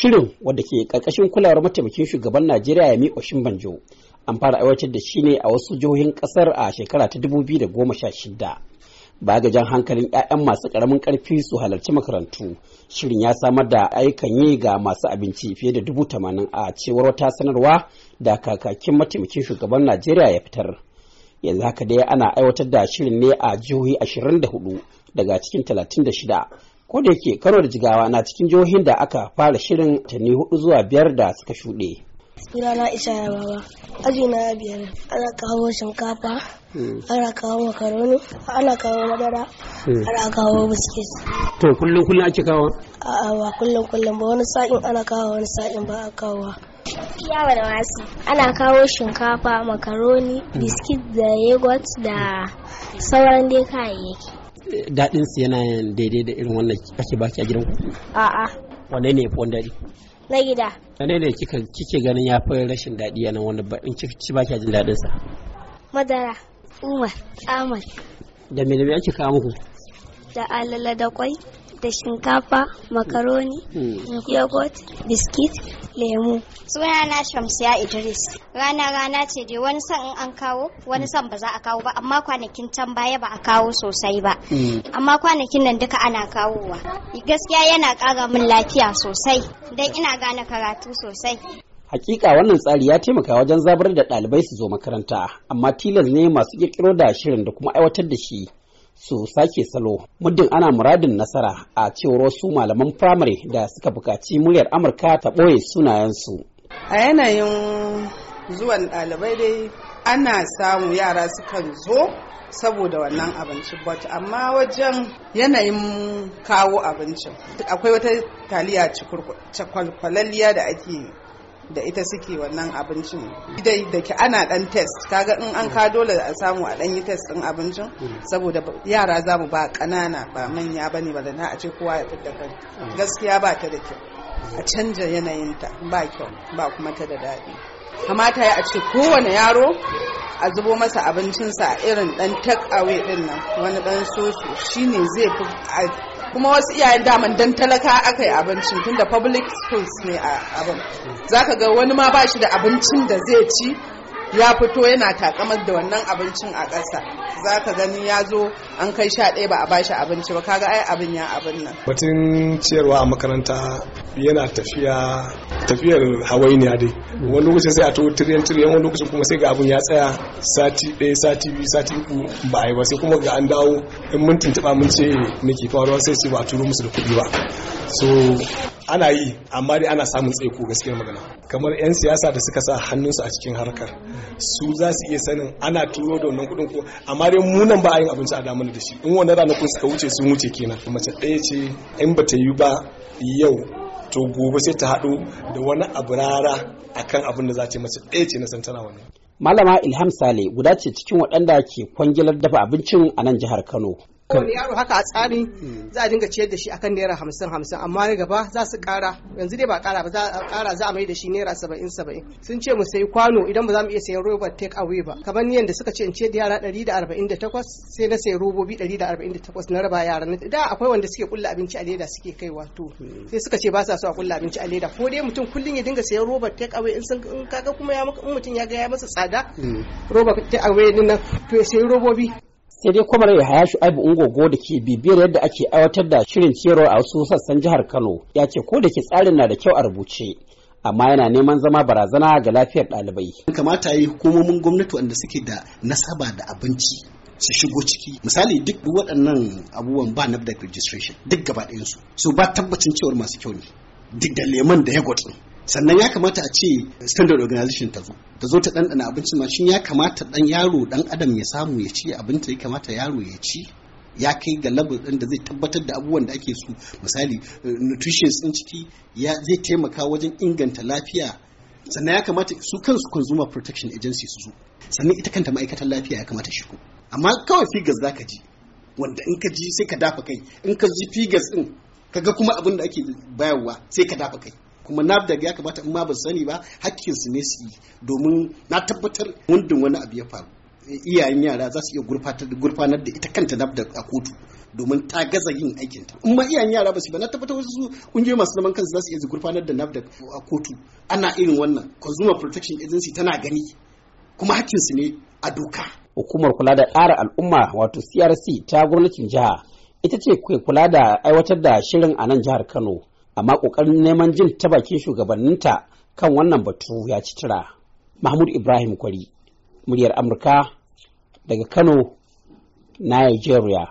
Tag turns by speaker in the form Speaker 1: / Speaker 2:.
Speaker 1: Shirin wadda ke ƙarƙashin kulawar mataimakin shugaban Najeriya ya Yemi Oshinbanjo an fara aiwatar da shi ne a wasu jihohin ƙasar a shekara ta 2016. Ba ga jan hankalin 'ya'yan masu ƙaramin karfi su halarci makarantu, shirin ya samar da ayyukan yi ga masu abinci fiye da dubu tamanin a cewar wata sanarwa da kakakin mataimakin shugaban Najeriya ya fitar. Yanzu haka dai ana aiwatar da shirin ne a jihohi 24 daga cikin 36 ko da yake kano da jigawa na cikin jihohin da aka fara shirin tanni hudu zuwa biyar da suka shuɗe
Speaker 2: sunana isa ya baba aji na biyar ana kawo shinkafa hmm. ana kawo makaroni ana kawo madara hmm. ana kawo biskit
Speaker 1: to kullum kullum ake kawo
Speaker 2: a'a ba kullum kullum ba wani sa'in ana kawo wani sa'in ba a kawo yawa da wasu ana kawo shinkafa makaroni hmm. biskit da yogurt da sauran dai kayayyaki
Speaker 1: daɗin su yana daidai da irin wannan kake baki a gidan ku a'a wanne ne yafi wani daɗi na gida wanne ne kika kike ganin ya fi rashin daɗi yana wanda ba in ci baki a jin daɗin sa
Speaker 2: madara umar amal
Speaker 1: da me da me ake kawo muku
Speaker 2: da alala da kwai da shinkafa makaroni hmm. yogurt biskit lemu suna na shamsiya idris rana rana ce dai wani san in an kawo wani san ba za a kawo ba amma kwanakin can baya ba a kawo sosai ba hmm. amma kwanakin nan duka ana kawowa gaskiya yana ƙara min lafiya sosai dan ina gane karatu sosai
Speaker 1: hakika wannan tsari ya taimaka wajen zabar da ɗalibai su zo makaranta amma tilas ne masu kirkiro da shirin da kuma aiwatar da shi su sake salo muddin ana muradin nasara a cewar wasu malaman firamare da suka buƙaci muryar amurka ta ɓoye sunayensu
Speaker 2: a yanayin zuwan ɗalibai dai ana samu yara sukan zo saboda wannan abinci bot amma wajen yanayin kawo abincin akwai wata taliya cikwalkwalaliya da ake da ita suke wannan abincin dai da ke ana dan test kaga in an ka dole a samu a dan yi test din abincin saboda yara za mu ba kanana ba manya bane ba da na a ce kowa ya da kai gaskiya ba ta da kyau a canja yanayinta ba kyau ba kuma ta da daɗi kamata ya a ce kowane yaro a zubo masa abincinsa a irin dan take away din nan wani dan soso shine zai fi kuma wasu iyayen daman dan talaka aka yi abinci tunda public schools ne a abin zaka ga wani ma ba shi da abincin da zai ci ya fito yana takamar da wannan abincin a ƙasa za ka gani ya zo an kai sha ɗaya ba a bashi abinci ba kaga ai abin ya abin nan
Speaker 3: batun ciyarwa a makaranta yana tafiya tafiyar hawainiya dai wani lokacin sai a to tiriyan tiriyan wani lokacin kuma sai ga abin ya tsaya sati ɗaya sati biyu sati uku ba a yi ba sai kuma ga an dawo in mun tuntuɓa mun ce nake ke faruwa sai su ba a turo musu da kuɗi ba so ana yi amma dai ana samun tsaiko gaskiyar magana kamar 'yan siyasa da suka sa hannunsu a cikin harkar su za su iya sanin ana turo da wannan kudin ko amma dai munan ba a yin abinci a damar da shi in wannan ranakun suka wuce sun wuce kenan mace ɗaya ce in ba ta yi ba yau to gobe sai ta haɗu da wani abu rara akan abin da za ta mace ɗaya ce na santana wannan
Speaker 1: Malama Ilham Sale guda ce cikin waɗanda ke kwangilar dafa abincin a nan jihar Kano.
Speaker 3: kowane
Speaker 2: yaro haka a tsari hmm. za a dinga ciyar da shi akan naira hamsin hamsin amma na gaba za su kara yanzu dai ba kara ba za a kara za a mai da shi naira saba'in saba'in sun ce mu sayi kwano idan ba za mu iya sayan roba take away ba kamar ni yanda suka ce in ce da yara ɗari da arba'in da takwas sai na sayi robobi ɗari da arba'in da takwas na raba yara da akwai wanda suke kulla abinci a leda suke kai to hmm. sai suka ce ba sa so a kulla abinci a leda ko dai mutum kullum ya dinga sayan robar take away in sun kaga kuma ya mutum ya ga ya masa tsada
Speaker 1: hmm. roba take away din nan to ya sayi robobi sai dai kwamar ya haya shu'aibu ungogo da ke bibiyar yadda ake aiwatar da shirin ciyarwa a wasu sassan jihar kano ya ce ko da ke tsarin na da kyau a rubuce amma yana neman zama barazana ga lafiyar ɗalibai. kamata yi hukumomin
Speaker 3: gwamnati wanda suke da nasaba da abinci su shigo ciki misali duk waɗannan abubuwan ba na da registration duk gaba ɗayansu su ba tabbacin cewar masu kyau ne duk da leman da ya gwatsu sannan ya kamata a ce standard organization ta zo ta zo ta ɗanɗana abinci ma shin ya kamata ɗan yaro ɗan adam ya samu ya ci abin ya kamata yaro ya ci ya kai ga level ɗin da zai tabbatar da abubuwan da ake so misali eh, nutrition sun ciki ya zai taimaka wajen inganta lafiya sannan ya kamata su kansu consumer protection agency su zo sannan ita kanta ma'aikatar lafiya ya kamata shigo amma kawai figures za ka ji wanda in ka ji sai ka dafa kai in ka ji figures ɗin ga kuma abin da ake bayarwa sai ka dafa kai kuma na daga ya kamata in ma ba sani ba hakkinsu ne su yi domin na tabbatar wundin wani abu ya faru iyayen yara za su iya gurfanar da ita kanta nafdag a kotu domin ta gaza yin aikin ta amma iyayen yara ba su ba na tabbatar wasu kungiyoyi masu zaman kansu za su iya gurfanar da nafdag a kotu ana irin wannan consumer protection agency tana gani kuma hakkinsu ne a doka
Speaker 1: hukumar kula da tsara al'umma wato crc ta gwamnatin jiha ita ce kula da aiwatar da shirin a nan jihar kano amma ƙoƙarin neman jin ta bakin shugabanninta kan wannan batu ya ci tura. Mahmud Ibrahim Kwari, muryar Amurka daga Kano, Nigeria.